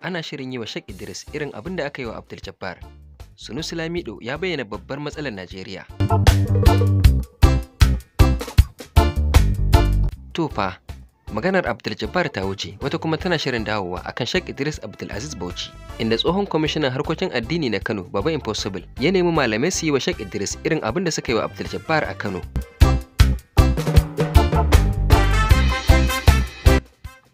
ana shirin yi wa Sheikh Idris irin abin da aka yi wa Abdul Jabbar. Sunu Sulamido ya bayyana babbar matsalar Najeriya. Tufa, maganar Abdul Jabbar ta wuce wata kuma tana shirin dawowa akan Sheikh Idris Abdul Aziz Bauchi, inda tsohon kwamishinan harkokin addini na Kano Baba Impossible ya nemi malamai su yi wa Sheikh Idris irin abin da suka yi wa Abdul Jabbar a Kano.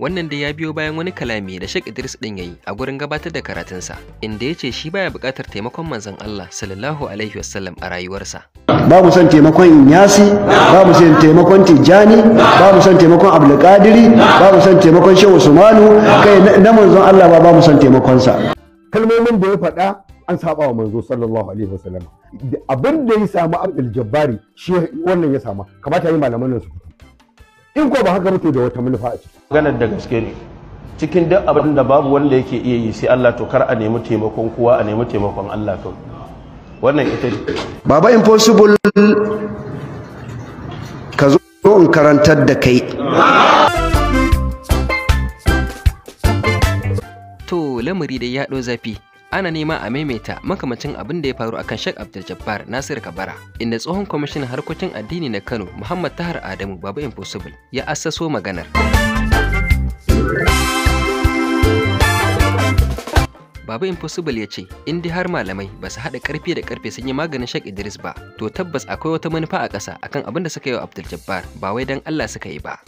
Wannan da ya biyo bayan wani kalami da Sheikh Idris ɗin yayi a gurin gabatar da karatunsa, inda ya ce shi baya buƙatar taimakon manzon Allah sallallahu alaihi wasallam a rayuwarsa. Ba mu son taimakon Inyasi, ba mu son taimakon Tijjani, ba mu son taimakon Abdulkadiri, ba mu son taimakon Shehu Usmanu, kai na manzon Allah ba ba mu son taimakonsa. Kalmomin da ya faɗa an saba wa manzo sallallahu alaihi wasallam. Abin da ya samu Abdul Jabbari shi wannan ya sama, kamata yi malaman nan su in ko ba haka mutu da wata manufa a ciki Ganar da gaske ne cikin duk abin da babu wanda yake iya yi sai Allah to kar a nemi taimakon kowa a nemi taimakon Allah to. wannan ita ce baba impossible ka zo in karantar da kai to lamari da ya zafi ana nema a maimaita makamacin abin da ya faru akan Sheikh Abdul Jabbar Nasir Kabara inda tsohon kwamishinan harkokin addini na Kano Muhammad Tahar Adamu Baba Impossible ya assaso maganar. Baba Impossible ya ce, in dai har malamai ba su haɗa ƙarfi da ƙarfe sun yi maganin Sheikh Idris ba, to tabbas akwai wata manufa a ƙasa akan abin da suka yi wa Abdul Jabbar ba wai don Allah suka yi ba.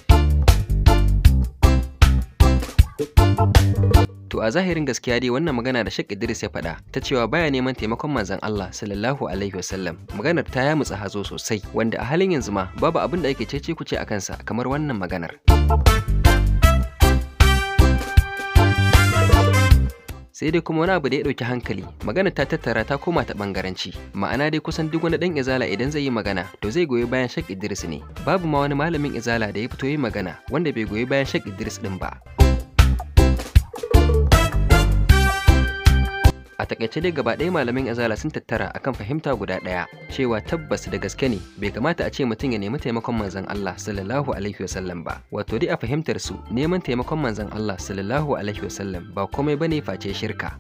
To a zahirin gaskiya dai wannan magana da Sheikh Idris ya faɗa ta cewa baya neman taimakon manzon Allah sallallahu alaihi wasallam maganar ta ya mutsa hazo sosai wanda a halin yanzu ma babu abin da ake cece kuce a kansa kamar wannan maganar. sai dai kuma wani abu da ya ɗauki hankali magana ta tattara ta koma ta ɓangaranci ma'ana dai kusan duk wani ɗan izala idan zai yi magana to zai goyi bayan shak idris ne babu ma wani malamin izala da ya fito yi magana wanda bai goyi bayan shak idris ɗin ba. a takaice dai gaba ɗaya malamin azala sun tattara akan fahimta guda ɗaya cewa tabbas da gaske ne bai kamata a ce mutum ya nemi taimakon manzan Allah sallallahu alaihi wasallam ba wato dai a fahimtar su neman taimakon manzon Allah sallallahu alaihi wasallam ba komai bane face shirka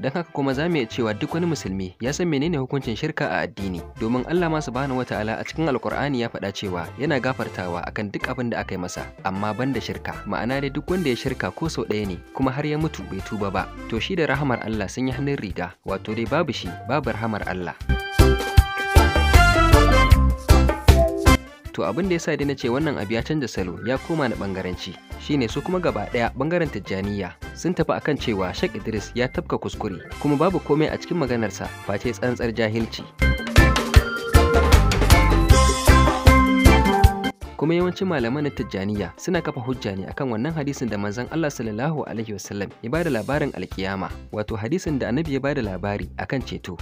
don haka kuma za mu iya cewa duk wani musulmi ya san menene hukuncin shirka a addini domin Allah ma subhanahu wataala a cikin alkur'ani ya faɗa cewa yana gafartawa akan duk abin da aka yi masa amma banda shirka ma'ana dai duk wanda ya shirka ko sau ɗaya ne kuma har ya mutu bai tuba ba to shi da rahamar Allah sun yi hannun riga wato dai babu shi babu rahamar Allah. to abin da ya sa na ce wannan abu ya canza salo ya koma na bangaranci shine su kuma gaba ɗaya bangaren tijjaniya sun tafi akan cewa Sheikh Idris ya tafka kuskure kuma babu komai a cikin maganarsa face tsantsar jahilci kuma yawancin malaman na tijjaniya suna kafa hujja ne akan wannan hadisin da manzon Allah sallallahu alaihi wasallam ya bada labarin alkiyama wato hadisin da annabi ya bada labari akan ceto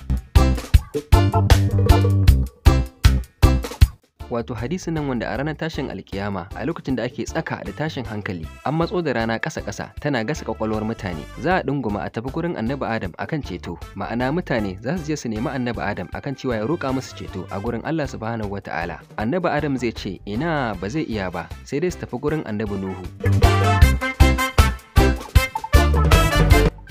wato hadisin nan wanda a ranar tashin alkiyama a lokacin da ake tsaka da tashin hankali an matso da rana ƙasa-ƙasa tana gasa kwakwalwar mutane za a ɗunguma a tafi gurin annabi adam akan ceto ma'ana mutane za su je su nemi annabi adam akan cewa ya roƙa musu ceto a gurin Allah subhanahu ta'ala annabi adam zai ce ina ba zai iya ba sai dai su tafi gurin annabi nuhu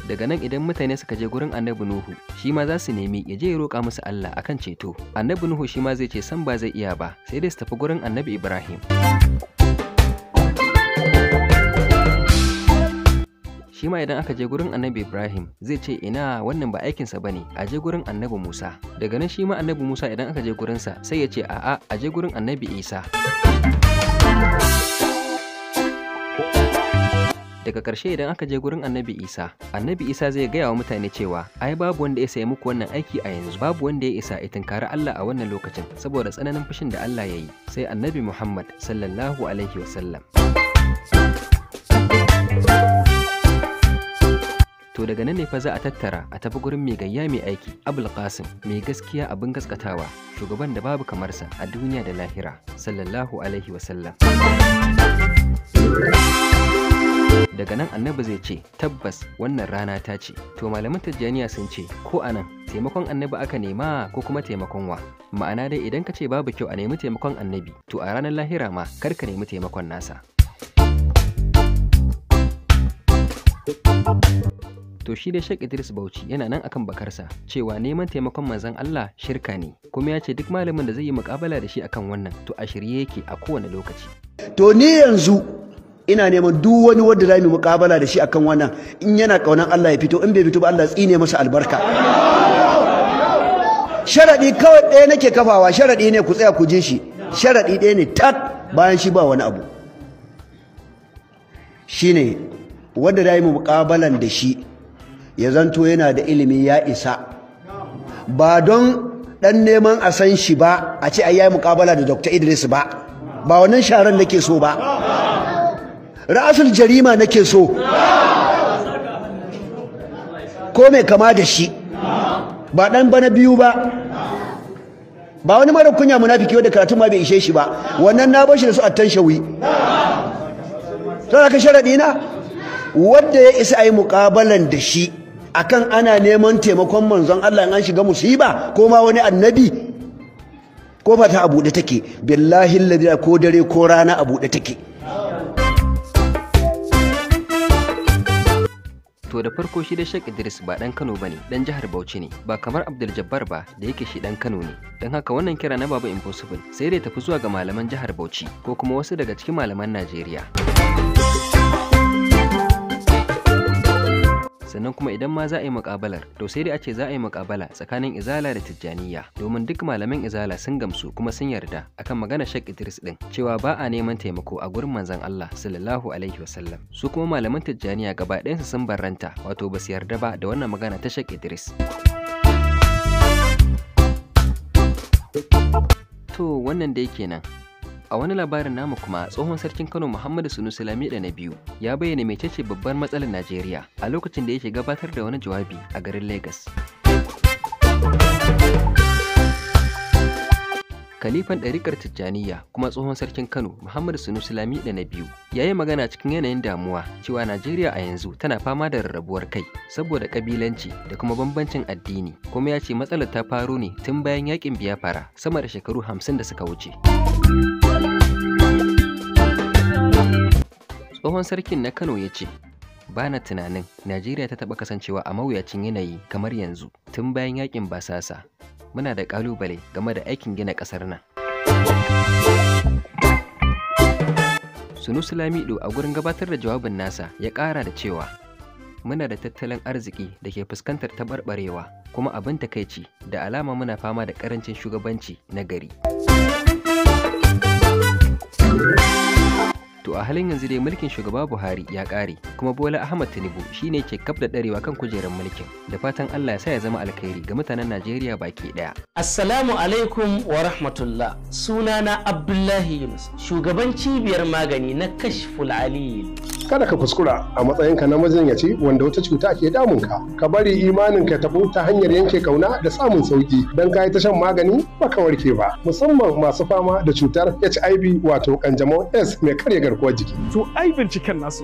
daga nan idan mutane suka je gurin annabi nuhu shi ma za su nemi ya je ya roƙa musu allah akan ceto annabi nuhu shi ma zai ce san ba zai iya ba sai dai su tafi gurin annabi ibrahim shi ma idan aka je gurin annabi ibrahim zai ce ina wannan ba aikinsa ba ne a je gurin annabi musa daga nan shi ma annabi musa idan aka je gurinsa sai ya ce a'a a je gurin annabi isa daga ƙarshe idan aka je gurin annabi isa annabi isa zai gaya wa mutane cewa ai babu wanda ya sayi muku wannan aiki a yanzu babu wanda ya isa ya tunkari allah a wannan lokacin saboda tsananin fushin da allah ya yi sai annabi muhammad sallallahu alaihi wasallam to daga nan ne fa za a tattara a tafi gurin mai gayya mai aiki abul qasim mai gaskiya abin gaskatawa shugaban da babu kamar sa a duniya da lahira sallallahu alaihi wasallam daga nan annabi zai ce tabbas wannan rana ta ce to malaman tijjaniya sun ce ko anan taimakon annabi aka nema ko kuma taimakon wa ma'ana dai idan ka ce babu kyau a nemi taimakon annabi to a ranar lahira ma kar ka nemi taimakon nasa to shi dai Sheikh Idris Bauchi yana nan akan bakarsa cewa neman taimakon manzon Allah shirka ne kuma ya ce duk malamin da zai yi mukabala da shi akan wannan to a shirye yake a kowane lokaci to ni yanzu ina neman duk wani wanda za mu mukabala da shi akan wannan in yana kaunan Allah ya fito in bai fito ba Allah tsine masa albarka sharadi kawai ɗaya nake kafawa sharadi ne ku tsaya ku je shi sharadi ɗaya ne tak bayan shi ba wani abu shine wanda za mu mukabalan da shi ya zanto yana da ilimi ya isa ba don dan neman a san shi ba a ce ai yayi mukabala da Dr. Idris ba ba wannan sharan nake so ba ra'asul jarima nake so ko mai kama da shi ba dan bana biyu ba ba wani mara kunya munafiki da karatu ma bai ishe shi ba wannan na bashi da su attan shawi sai ka sharadi na wanda ya isa ayi muƙabalan da shi akan ana neman taimakon manzon Allah in an shiga musiba ko ma wani annabi ko ba ta abuɗe take billahi alladhi ko dare ko rana abuɗe take To da farko shi da Sheikh Idris ba dan Kano bane, dan jihar Bauchi ne, ba kamar Abdul Jabbar ba da yake shi dan Kano ne. Dan haka wannan kira na Baba Impossible sai dai tafi zuwa ga malaman jihar Bauchi ko kuma wasu daga cikin malaman Najeriya. sannan kuma idan ma za a yi muƙabalar to sai dai a ce za a yi muƙabala tsakanin izala da tijjaniya domin duk malamin izala sun gamsu kuma sun yarda akan magana shek idris din cewa ba a neman taimako a gurin manzon allah sallallahu alaihi wasallam su kuma malaman tijjaniya gaba ɗayansu sun barranta wato ba su yarda ba da wannan magana ta shek idris to wannan dai kenan a wani labarin namu kuma tsohon sarkin kano muhammadu sunusi lamida na biyu ya bayyana mecece babbar matsalar najeriya a lokacin da yake gabatar da wani jawabi a garin lagos Kalifan ɗarikar Tijjaniya kuma tsohon sarkin Kano Muhammadu Sunusi Lamida na biyu ya yi magana cikin yanayin damuwa cewa Najeriya a yanzu tana fama da rarrabuwar kai saboda ƙabilanci da kuma bambancin addini kuma ya ce matsalar ta faro ne tun bayan yakin biyafara sama da shekaru hamsin da suka wuce. tsohon sarkin na kano ya ce ba na tunanin najeriya ta taɓa kasancewa a mawuyacin yanayi kamar yanzu tun bayan yakin basasa muna da ƙalubale game da aikin gina ƙasar nan sunusu lamido a gurin gabatar da jawabin nasa ya ƙara da cewa muna da tattalin arziki da ke fuskantar taɓarɓarewa kuma abin takaici da alama muna fama da ƙarancin shugabanci na gari to a halin yanzu dai mulkin shugaba buhari ya ƙare kuma bola ahmad tinubu shine ke kaf da ɗarewa kan kujerar mulkin da fatan allah ya sa ya zama alkhairi ga mutanen najeriya baki ɗaya assalamu alaikum wa rahmatullah sunana abdullahi yunus shugaban cibiyar magani na kashful Aliyu. kada ka kuskura a matsayinka na ce wanda wata cuta ke damun ka ka bari imanin ka tabo ta hanyar yanke kauna da samun sauki dan kai ta shan magani baka warke ba musamman masu fama da cutar HIV wato kanjamau S mai karya garkuwar jiki to ai binciken nasu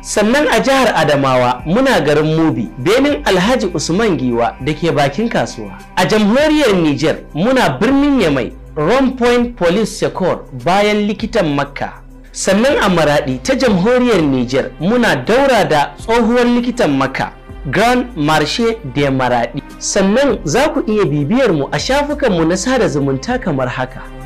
sannan a jihar adamawa muna garin mubi benin alhaji usman giwa da ke bakin kasuwa a jamhuriyar niger muna birnin yamai Point police secor bayan likitan makka sannan a maradi ta jamhuriyar niger muna daura da tsohuwar likitan makka grand marche de maradi sannan za ku iya bibiyar mu a shafukanmu na sada zumunta kamar haka